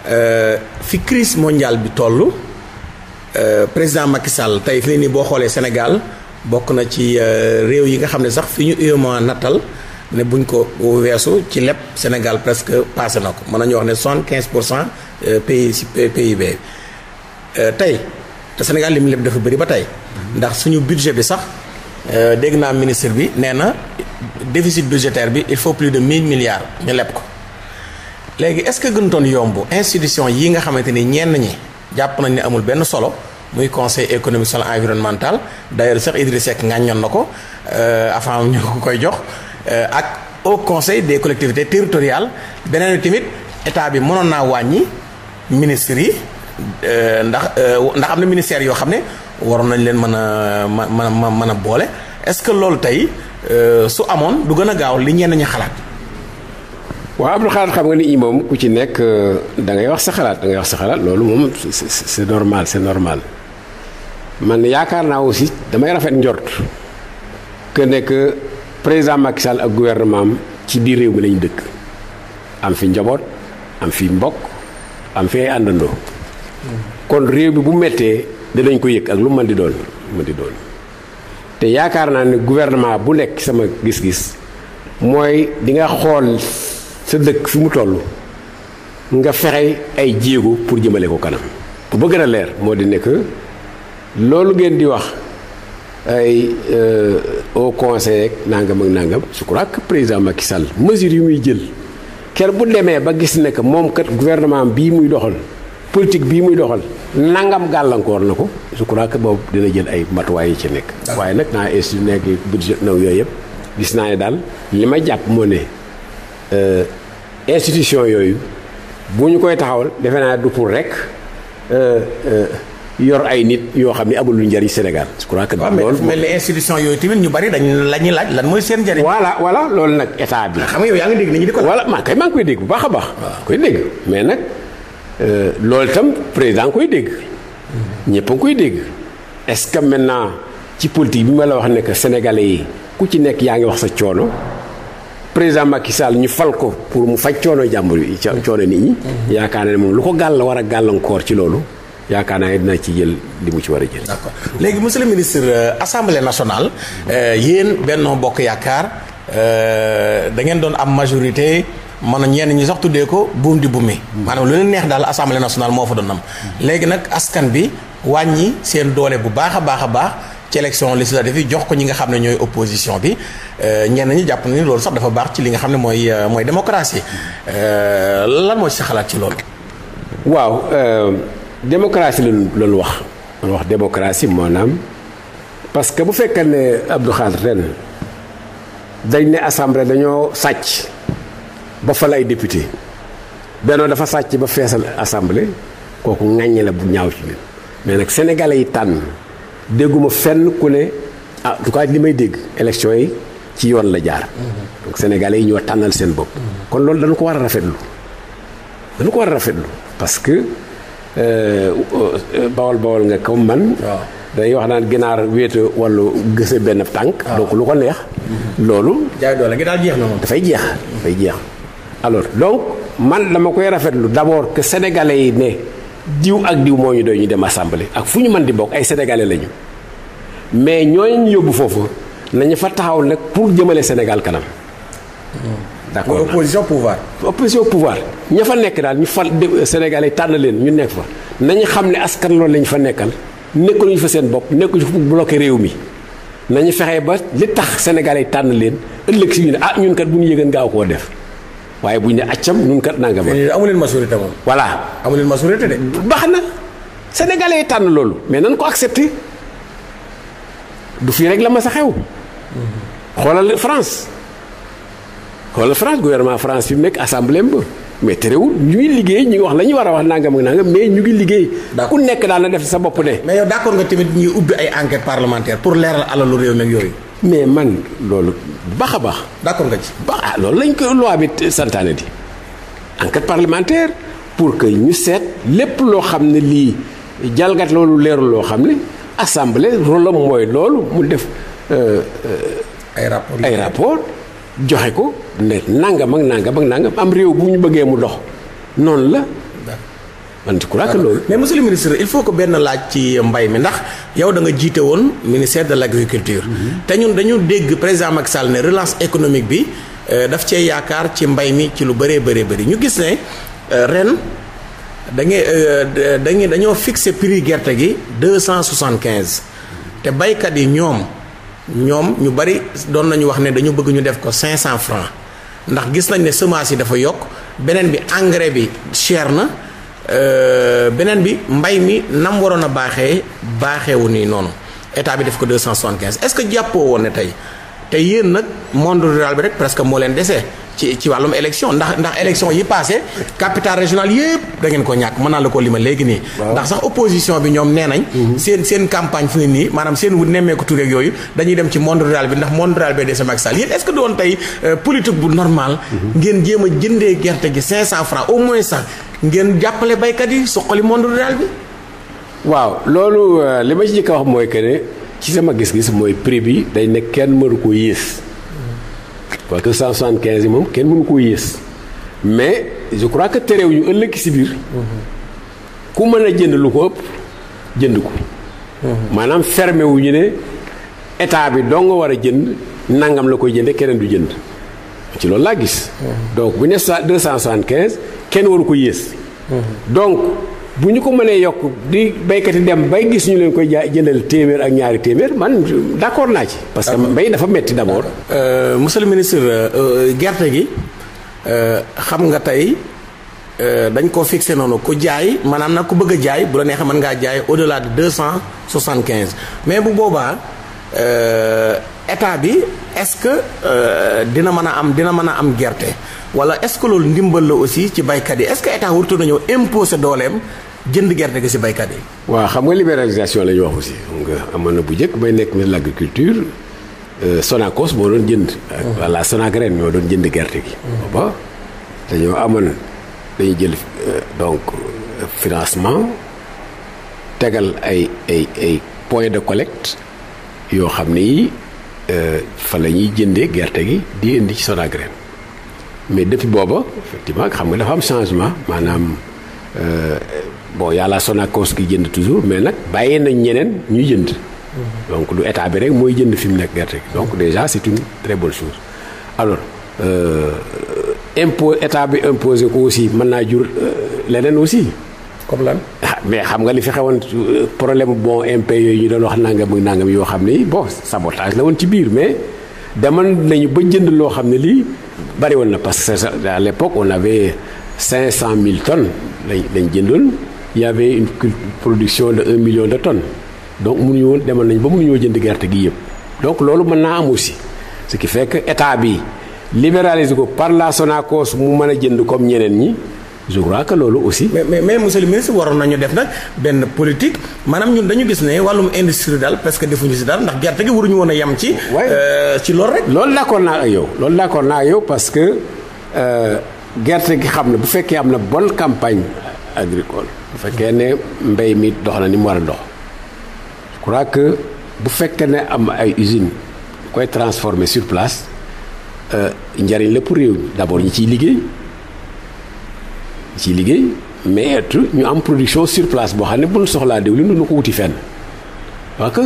Euh, fi crise mondiale bi toll euh, président Macky Sall tey fi nii boo xoolee Sénégal bokk na ci euh, réew yi nga xam ne sax fi ñu UEMOA nattal ne buñ ko weesu ci lépp Sénégal presque passé na ko mën nañu wax ne soixante-quinze pour cent pays tey te Sénégal li mu dafa bëri ba tey ndax suñu budget bi sax dégg naa ministre bi nee na déficit budgétaire bi il faut plus de mille milliards ñu leb ko. léegi est-ce que gënutoon yomb institution yi nga xamante ni ñenn ñi jàpp nañ ni amul benn solo muy conseil économique social environnemental d'ailleurs sax Idriss Seck ngàññoon na ko euh, avant ñu ko koy jox euh, ak au conseil des collectivités territorial beneen tamit état bi mënoon naa wàññi ministres yi euh, ndax ndax am na ministères yoo xam ne waroon nañ leen mën a mën a mën a boole est-ce que loolu tey su amoon du gën a gaaw li ñenn ñi xalaat. waaw Abdou Khadre xam nga nit ñi moom ku ci nekk euh, dangay wax sa xalaat da ngay wax sa xalaat loolu moom c'est normal c'est normal man yaakaar naa aussi damay rafet njort que nekk président Macky Sall ak gouvernement am ci biir réew mi lañu dëkk am fi njaboot am fi mbokk am fi ay àndandoo kon réew bi bu mettee dinañ ko yëg ak lu mën di doon mën di doon te yaakaar naa ne gouvernement bu nekk sama gis-gis mooy dinga xool sa dëkk fi mu toll nga fexe ay jéego pour jëmale ko kanam bu bëgg na leer moo di nekk loolu ngeen di wax ay euh, au conseil ak nangam ak nangam je crois que président Macky Sall mesure yu muy jël ker bu demee ba gis ne que moom kat gouvernement bii muy doxal politique bii muy doxal nangam gàllankoor na ko je crois que boobu dina jël ay matuwaay yi ci nekk. waaye nag naa est nekk budget naw yooyu yëpp gis naa ne daal li ma jàpp moo ne. Euh, institution yooyu bu ñu koy taxawal defe naa du pour rek euh, euh, yor ay nit yoo xam ne amul lu njëriñ Sénégal. je crois que loolu mel ni institution yooyu tamit ñu bari dañ la ñuy laaj lan mooy seen njëriñ. voilà voilà loolu nag état bi. xam nga yow yaa ngi dégg nit ñi di ko. voilà maa kay maa ngi koy dégg bu baax a baax. koy dégg mais nag euh, loolu itam président koy dégg. ñëpp a ngi koy dégg. est-ce que maintenant ci politique bi ma la wax ne que sénégalais yi ku ci nekk yaa ngi wax sa coono. président Macky Sall ñu fal ko pour mu faj coono jàmbur yi coono nit ñi. yaakaar naa ne moom lu ko gàll war a gàllankoor ci loolu. yaakaar naa ne dina ci jël di mu ci war a jël. d'accord léegi monsieur le ministre euh, assemblée nationale euh, yéen Benno Bokk Yaakaar euh, da ngeen doon am majorité man ñeen ñi sax tuddee ko buum di buumi. maanaam lu leen neex daal assemblée nationale moo fa doon am. léegi nag askan bi wàññi seen doole bu baax a baax a baax. ci élection législative yi jox ko ñi nga xam ne ñooy opposition bi euh, ñenn ñi jàpp na loolu sax dafa baax ci li nga xam ne mooy euh, mooy démocratie euh, lan moo ci sa xalaat ci loolu. waaw démocratie lañu lañu wax. lañu wax démocratie maanaam parce que bu fekkee ne Abdou Khadre ren dañ ne assemblée dañoo sàcc ba fal ay député benoo dafa sàcc ba feesal assemblée kooku ŋàññi bu ñaaw ci ñun mais nag sénégalais yi tànn. dégguma fenn ku ne ah en tout li may dégg élection yi ci yoon la jaar. donc yi ñoo tànnal seen bopp. kon loolu dañu ko war a rafetlu dañu ko war a rafet lu parce que euh, bawol bawol nga comme man. day wax naan ginaar wéetu wàllu gëse benn tànk. donc lu ko neex. loolu. jaay doole daal jeex na dafay jeex dafay jeex alors donc man dama koy rafetlu d'abord que sénégalais yi ne. diw ak diw moo ñu doy ñu dem assemblée ak fu ñu mën di bokk ay sénégalais lañu mais ñooñu yóbbu foofu nañu fa taxaw nag pour jëmale Sénégal kanam. d'accord opposition pouvoir. opposition pouvoir ña fa nekk daal ñu fal euh, sénégalais tànn leen ñu nekk fa nañu xam ne askan loolu lañu fa nekkal nekkaluñu fa seen bopp nekkuñu fa bloqué réew mi. na nañu fexe ba li tax sénégalais tànn leen ëllëg si ñu ne ah ñun kat bu ñu yëgën gaaw koo def. waaye bu ñu ne accam ñun kat nangam. amu leen majorité moom. voilà amu leen majorité de. baax na sénégalais yi tànn loolu mais nan ko accepté du fii rek la ma sa xew. xoolal France xoolal France gouvernement France bi mu nekk assemblée ba mais terewul ñu ngi liggéey ñu ngi wax la ñu war a wax nangam ak nangam mais ñu ngi liggéey. ku nekk daal na def sa bopp ne. mais yow d'accord nga tamit ñuy ubbi ay enquêtes parlementaires pour leeral alalu réew mi yooyu. mais man loolu baax a bax d'accord nga ci. baax ah, loolu lañ ko loi bi santaane di enquête parlementaire pour que ñu seet lépp loo xam ne lii jalgat loolu leeru loo xam ne assemblée rôle am mooy loolu mu def. Euh, euh, ay rapport ay rapport joxe ko ne nangam ak nangam ak nangam am réew bu ñu bëggee mu dox noonu la. man je crois loolu. mais monsieur le ministre il faut que benn laaj ci mbay mi ndax yow da nga jiite woon ministère de l' agriculture. Mhm. te ñun dañu dégg président Macky Sall ne relance économique bi euh, daf cee yaakaar ci mbay mi ci lu bëree bëree bëri ñu gis ne euh, ren da ngeen euh, da dañoo fixé prix gerte gi deux cent soixante quinze. te baykat yi ñoom ñoom ñu bari doon nañu wax ne dañu bëgg ñu def ko cinq cent francs ndax gis nañ ne semence yi dafa yokk beneen bi engrais bi cher na. Euh, beneen bi mbay mi nam waroon a baaxee baaxeewu nii noonu état bi def ko 275 est-ce que jàppoo woon ne tey te yéen nag monde rural bi rek presque moo leen dese ci ci wàllum élection ndax ndax élection yi passé capital régional yëpp da ngeen ko ñàkk mën naa la ko lima léegi nii. ndax sax opposition bi ñoom nee nañ. Mhm. seen seen campagne fu nii maanaam seen wut nemmeeku tur ak yooyu dañuy dem ci monde rural bi ndax monde rural bee dese Macky Sall yéen est tey euh, politique bu normal. Mhm. ngeen jéem a jëndee gerte gi 500 francs au moins sax. ngeen jàppale baykat yi suqali monde rural bi. waaw loolu euh, li ma ci njëkk a wax mooy que ci sama gis-gis mooy prix bi day nekk kenn mënu ko yées. parce que 175 yi moom kenn mënu ko yées. mais je crois que terew yu ëllëg si biir. ku mën a jënd lu ko ëpp jënd ko. maanaam fermé wu ñu ne état bi doo war a jënd nangam la koy jënde keneen du jënd ci loolu laa gis. Hmm. donc bu ne 275 kenn waru ko yées. donc bu ñu ko mënee yokk di béykat yi dem bay gis ñu leen koy jaay jëndal téeméer ak ñaari téeméer man d' accord naa ci. parce que mbay dafa metti d' abord. Euh, monsieur le ministre euh, euh, gerte gi xam nga tey. dañ ko fixé noonu ku jaay maanaam nag ku bëgg a jaay bu la neexee mën ngaa jaay au delà de cent soixante quinze mais bu boobaa état bi est-ce que euh, dina mën a am dina mën a am gerte wala est-ce loolu ndimbal la aussi ci baykat yi est-ce que état wartu na ñëw imposer dooleem jënd gerte gi si baykat yi. waa xam nga libéralisation la ñu wax aussi xam nga amoon na bu njëkk bay nekk ministre de l'agriculture euh, Sonacos moo doon jënd. Mm. wala Sonagraines ñoo doon jënd gerte gi. Mm. ba dañoo amoon dañuy jël euh, donc financement tegal ay ay ay point de collecte yoo xam ni. Euh, fa la ñuy jëndee gerte gi di indi ci Sonagraines mais depuis booba effectivement xam nga dafa am changement maanaam euh, bon yàlla Sonacos ki jënd toujours mais nag bàyyi nañ ñeneen ñuy jënd. donc du état bi rek mooy jënd fi mu nekk gerte gi donc déjà c'est une très bonne chose alors euh, impôt état bi imposé ko aussi mën naa jur leneen aussi. comme lan. mais xam nga li fi xewoon euh, problème bon MP yooyu ñu doon wax nangam ak nangam yoo xam ni bo sabotage la woon ci biir mais demal nañu ba jënd loo xam ne lii bari woon na parce que à l'époque on avait cinq cent mille tonnes lañ lañ jëndoon y une production de un million de tonnes donc mënuñu woon demal nañ ba mu mënuñoo jënd gerte gi yëpp donc loolu mën naa am aussi ce qui fait que bi libéraliser ko par la Sonacos mu mën a jënd comme ñeneen ñi je crois loolu aussi. mais mais mais monsieur le ministre waroon nañu def nag benn politique maanaam ñun dañu gis ne wàllum industrie daal parce que defuñu si daal ndax gerte gi waruñu woon a yem ci. Euh, ci lool rek. loolu d'accord naa ak yow loolu d'accord naa ak yow parce que euh, gerte gi xam ne bu fekkee am na bonne campagne agricole bu fekkee ne mbay mi dox na ni mu war a dox je que bu fekkee ne am ay usines koy transformer sur place euh, njariñ la pour réew mi d'abord ñi ciy liggéey. ci liggéey mais être ñu am production sur place boo xam ne bu ñu soxlaa diwlin du ñu ko wuti fenn parce que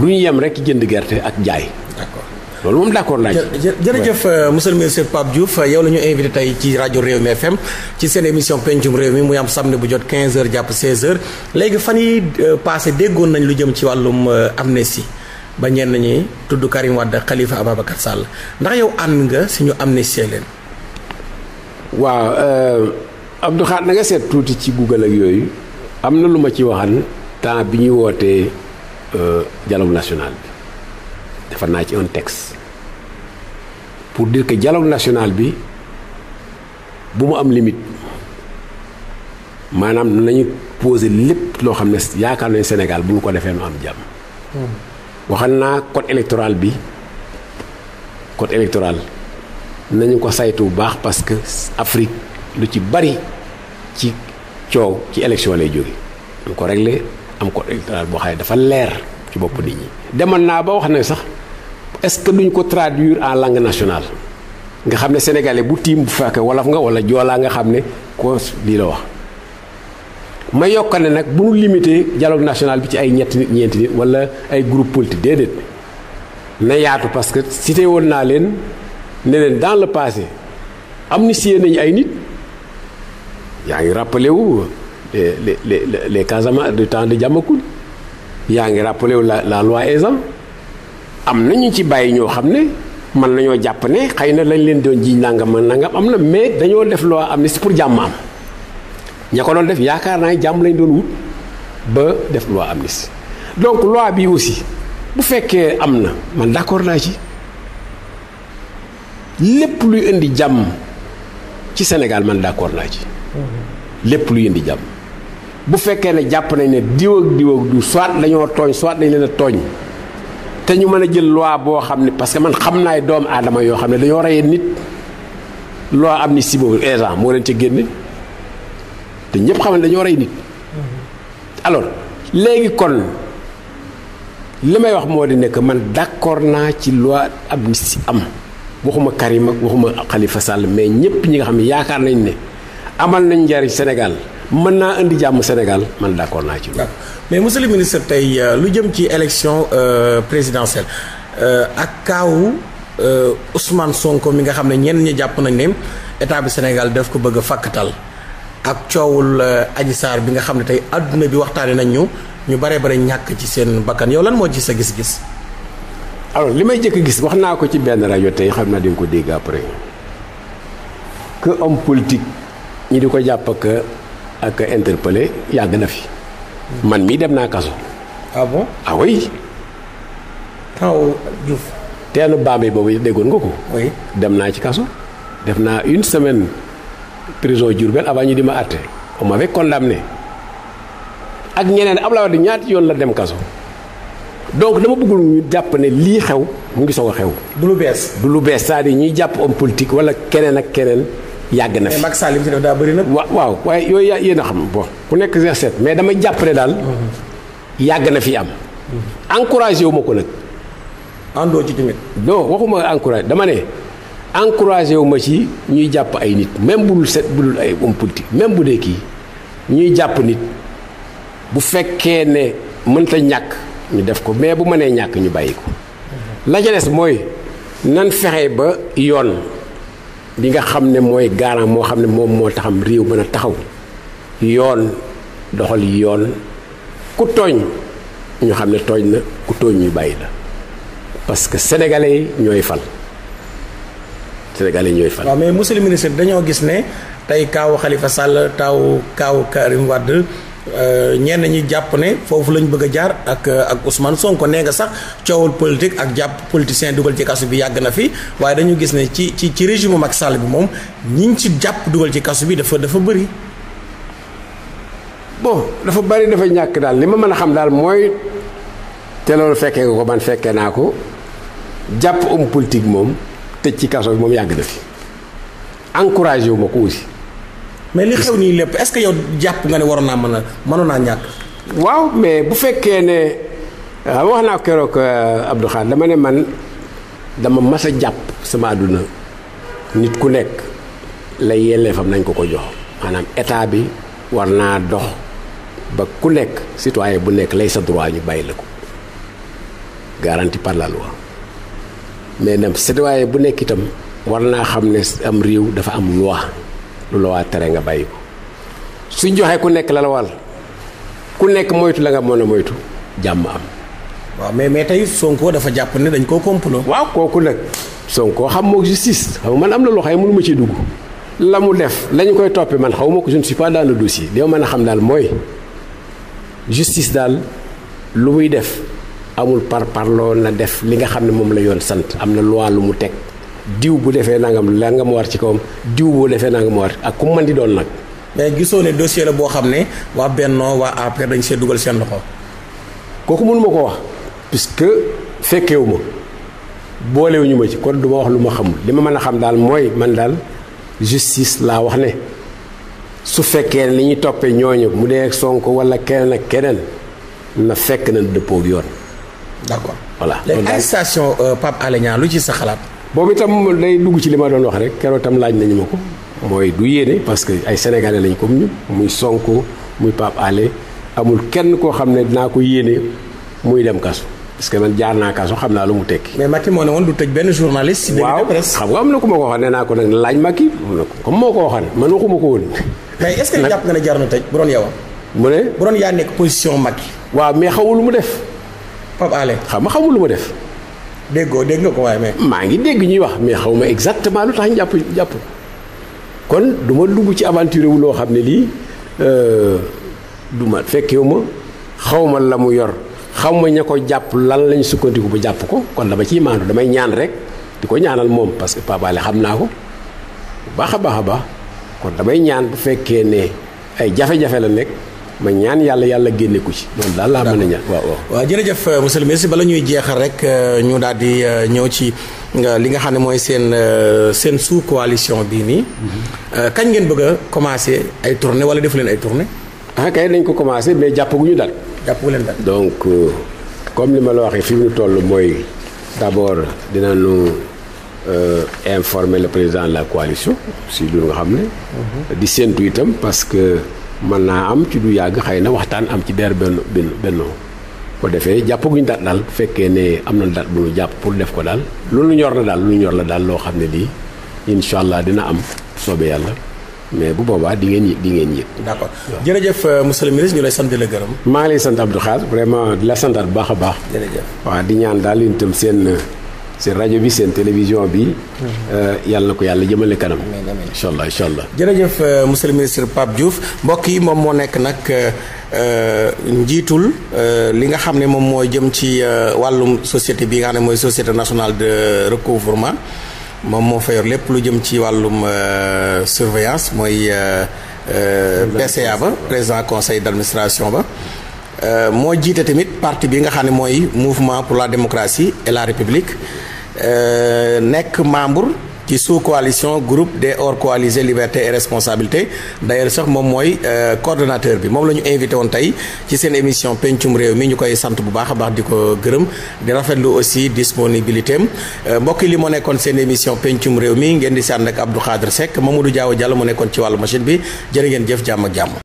du ñu yem rek jënd gerte ak jaay. d'accord loolu moom d'accord naa ci. jërëjëf euh, monsieur le ministre Pape Diouf euh, yow la ñu invité tey ci rajo réew Rewmi FM ci seen émission pencum réew mi muy am samedi bu jot 15h jàpp 16h léegi fan yi euh, passé déggoon nañ lu jëm ci wàllum amnistie ba ñenn ñi tudd Karim Wade Khalifa Ababacar Sall ndax yow ànd nga si ñu amnistier leen. waaw euh, Abdou Khad na nga seet tuuti ci Google ak yooyu am na lu ma ci waxal temps bi ñuy wootee euh, dialogue national bi defar naa ci un texte pour dire que dialogue national bi bu mu am limite maanaam nañu poser lépp loo xam ne yaakaar nañu Sénégal bu ñu ko defee nu am jàmm. Hmm. waxal naa code électoral bi code électoral. nañu ko saytu bu baax parce que Afrique lu ci bari ci coow ci élection lay jóge am ko réglé am ko électoral boo xam ne dafa leer ci bopp nit ñi. demal naa ba wax ne sax est-ce que duñ ko traduire en langue nationale nga xam ne sénégalais bu tiim bu fekkee wolof nga wala joolaa nga xam ne ko lii la wax. ma yokk ne nag bu ñu limité dialogue national bi ci ay ñetti nit ñeenti nit wala ay groupe politique déedéet na yaatu parce que naa leen. ne dans le passé amnistié nañ ay nit yaa ngi rappelé wu les les les les du temps de Diamacoune yaa ngi rappelé wu la la loi am na ñu ci bàyyi ñoo xam ne man nañoo jàpp ne xëy na lañ leen doon jiiñ nangam man nangam am na mais dañoo def loi amnistie pour jàmm am ña ko doon def yaakaar naa jàmm lañ doon wut ba def loi amnistie donc loi bi aussi bu fekkee am na man d'accord naa ci. lépp luy indi jàmm ci Sénégal man d'accord naa ci. lépp luy indi jàmm. bu fekkee ne jàpp nañ ne diw ak diw ak du soit dañoo tooñ soit dañ leen tooñ te ñu mën a jël loi boo xam ne parce que man xam naay doomu aadama yoo xam ne dañoo reyee nit loi amnistie boobu agent moo leen ci génne te ñëpp xam ne dañoo rey nit. alors léegi kon li may wax moo di nekk man d'accord naa ci loi amnistie am. waxuma Karim ak waxuma Khalifa Sall mais ñëpp ñi nga xam ne yaakaar nañ ne amal nañ njariñ Sénégal mën naa indi jàmm Sénégal man d'accord naa ci. mais monsieur le ministre tey euh, lu jëm ci élection euh, présidentielle euh, ak kaawu Ousmane Sonko mi nga xam ne ñenn ñi jàpp nañ ne état bi Sénégal daf ko bëgg a fàkkatal ak coowul Adji Sarr bi nga xam ne tey àdduna bi waxtaane nañ ñu ñu bare bare ñàkk ci seen bakkan yow lan moo ci sa gis-gis. alors li may jëkk gis wax naa ko ci benn rajo tey xam naa di nga ko dégg après que homme politique ñi di ko jàpp ak ak interpellé yàgg na fi man mii dem naa kaso. ah bon ah oui. taw Diouf. teenu déggoon nga ko. oui dem naa ci kaso. def naa une semaine prison Diourbel avant ñu di ma àtte on m'avait condamné ak ñeneen Abdoulaye Wade ñaati yoon la dem kaso. donc dama bëggul ñu jàpp ne lii xew mu ngi soog a xew. du lu bees. du lu bees cest à ñuy jàpp om politique wala keneen ak keneen yàgg na fi. mais Macky Sall bëri nag. waaw waaw waaye yooyu yéen a xam bon ku nekk recette mais dama jàpp ne daal. yàgg na fi am. encouragé wu ma ko nag. àndoo ci tamit. waxuma encouragé dama ne encouragé wu ma ci ñuy jàpp ay nit même bu dul set bu dul ay homme politique même bu dee kii ñuy jàpp nit bu fekkee ne mënta ñàkk. ñu def ko mais bu mënee ñàkk ñu bàyyi ko la mooy nan fexe ba yoon bi nga xam ne mooy garant moo xam ne moom moo taxam réew mën a taxaw yoon doxal yoon ku tooñ ñu xam ne tooñ na ku tooñ ñu bàyyi la parce que sénégalais yi ñooy fal sénégalais yi ñooy fal. waaw mais monsieur le ministre dañoo gis ne tey kaawu xalifa sàll taw kaawu Karim Wade. Euh, ñenn ñi jàpp ne foofu lañ bëgg a jaar ak euh, ak Ousmane Sonko nee nga sax coowul politique ak jàpp politicien dugal ci kasu bi yàgg na fi waaye dañu gis ne ci ci ci régime Macky Sall bi moom ñi ci jàpp dugal ci kasu bi dafa dafa bëri. bon dafa bëri dafa ñàkk daal li ma mën a xam daal mooy te loolu fekkee nga ko man fekkee naa ko jàpp homme politique moom tëj ci kaso bi moom yàgg na fi encouragé wu ma ko aussi. mais li xew nii lépp est-ce que yow jàpp nga ne waroon naa mën a mënoon naa ñàkk. waaw mais bu fekkee ne ah, wax naa keroog euh, Abdou Khadre dama ne man dama masa jàpp sama àdduna nit ku nekk lay yelleefam nañ ko ko jox maanaam état bi war naa dox ba ku nekk citoyen bu nekk lay sa droit ñu bàyyi la ko garanti par la loi mais nag citoyen bu nekk itam war naa xam ne am réew dafa am loi. lu la waa tere nga bàyyi ko suñ joxee ku nekk la la wàll ku nekk moytu la nga mën a moytu jàmm am. waaw mais mais tey Sonko dafa jàpp ne dañ koo complot. waaw kooku nag Sonko xam moog justice xam man am na loo xam ne mënu dugg la mu def lañ koy toppee man xaw ma ko je ne suis pas dans le ma mën a xam daal mooy justice daal lu muy def amul par parloo na def li nga xam ne moom la yoon sant am na loi lu mu teg. diw bu defee nangam la nga ma war ci kawam diw bu defee nangam war ak ku man di doon nag. mais gisoo ne dossier la boo xam ne waa Benno waa APR dañ see dugal seen loxo. kooku mënu ma ko wax. puisque fekkewu ma boolewuñu ma ci kon du ma wax lu ma xamul li ma mën a xam daal mooy man daal justice laa wax ne su fekkee ne li ñuy toppee ñooñu mu dee sonk wala keneen ak keneen na fekk na dëppoo yoon. d' accord voilà léegi arrestation euh, Pape Alé Niang lu ci sa xalaat. boobu itam day dugg ci li ma doon wax rek keroog itam laaj nañu ma ko mooy du yéene parce que ay sénégalais lañ comme ñu muy Sonko muy Pape Alé amul kenn koo xam ne dinaa ko yéene muy dem kaso parce que man jaar naa kaso xam naa lu mu tekki. mais Macky moo ne woon du tëj benn journaliste. waaw xam nga am na ku ma ko waxoon nee naa ko nag laaj ko comme moo ko waxoon man waxuma ko woon. mais est-ce que jàpp nga ne jar na tëj bu doon yow. mu ne bu doon yaa nekk position Macky. waaw mais xawul lu mu def. Pape Alé xam nga xamul lu def. déggoo dégg nga ko waaye mais. maa ngi dégg ñuy wax mais xaw ma exactement lu tax ñu jàpp kon du ma dugg ci aventure wu loo xam ne lii euh, du ma fekkewu ma xaw ma la mu yor xaw ma ña ko jàpp lan lañ sukkandiku bu jàpp ko kon ba ciy maandu damay ñaan rek di ko ñaanal moom parce que Pabaale xam naa ko bu baax a baax a baax kon damay ñaan bu fekkee ne ay jafe-jafe la nekk. ma ñaan yàlla yàlla génne ko ci loolu daal laa mën a ñaan waaw waaw waaw jërëjëf euh, monsieur le ministre bala ñuy jeexal rek euh, ñu daal di euh, ñëw ci li nga xam ne mooy seen seen sous coalition bii nii mm-hmm. kañ ngeen bëgg a commencé ay tournée wala defu leen ay tournée ah kay dañ ko commencé mais jàppaguñu daal jàppagu leen daal donc comme li ma la waxee fi mu toll mooy d'abord dinañu informer le président la coalition si lu nga xam ne mm-hmm. di séentu itam parce mën naa am ci du yàgg xëy na waxtaan am ci der benn benn bennoo ko defee jàppaguñ daal daal bu fekkee ne am na daal bu ñu jàpp pour def ko daal loolu ñor na daal lu ñor la daal loo xam ne lii incha allah dina am soobee yàlla mais bu boobaa di ngeen yëg di ngeen yëg. d'accord jërëjëf euh, monsieur le ministre ñu lay sant di la gërëm. maa ngi lay sant Abdou Khadre vraiment di la santaat bu baax a baax. jërëjëf waaw di ñaan daal tam seen. seen rajo bi seen télévision bi. Euh, yàlla na ko yàlla jëmale kanam. incha allah incha allah. jërëjëf euh, monsieur le ministre Pape Diouf mbokk yi moom moo nekk nag euh, njiitul li nga xam ne moom moo jëm ci wàllum société bi nga xam ne mooy société nationale de recouvrement moom moo fa lépp lu jëm ci wàllum surveillance mooy PCA ba président conseil d'administration ba. moo jiite tamit parti bi nga xam ne mooy mouvement pour la démocratie et la république. Euh, nekk membre ci sous coalition groupe de hors coalisés liberté et responsabilité d'ailleurs sax moom mooy euh, coordinateur bi moom la ñu invité woon tey ci seen émission pencum réew mi ñu koy sant bu baax a baax di ko gërëm di rafetlu aussi disponibilité am euh, mbokk li mu nekkoon seen émission pencum réew mi ngeen di ak ànd ak Abdou Khadre Seck Mamadou Diaw Diallo mu nekkoon ci wàllu machine bi jërë ngeen jëf jàmm ak jàmm.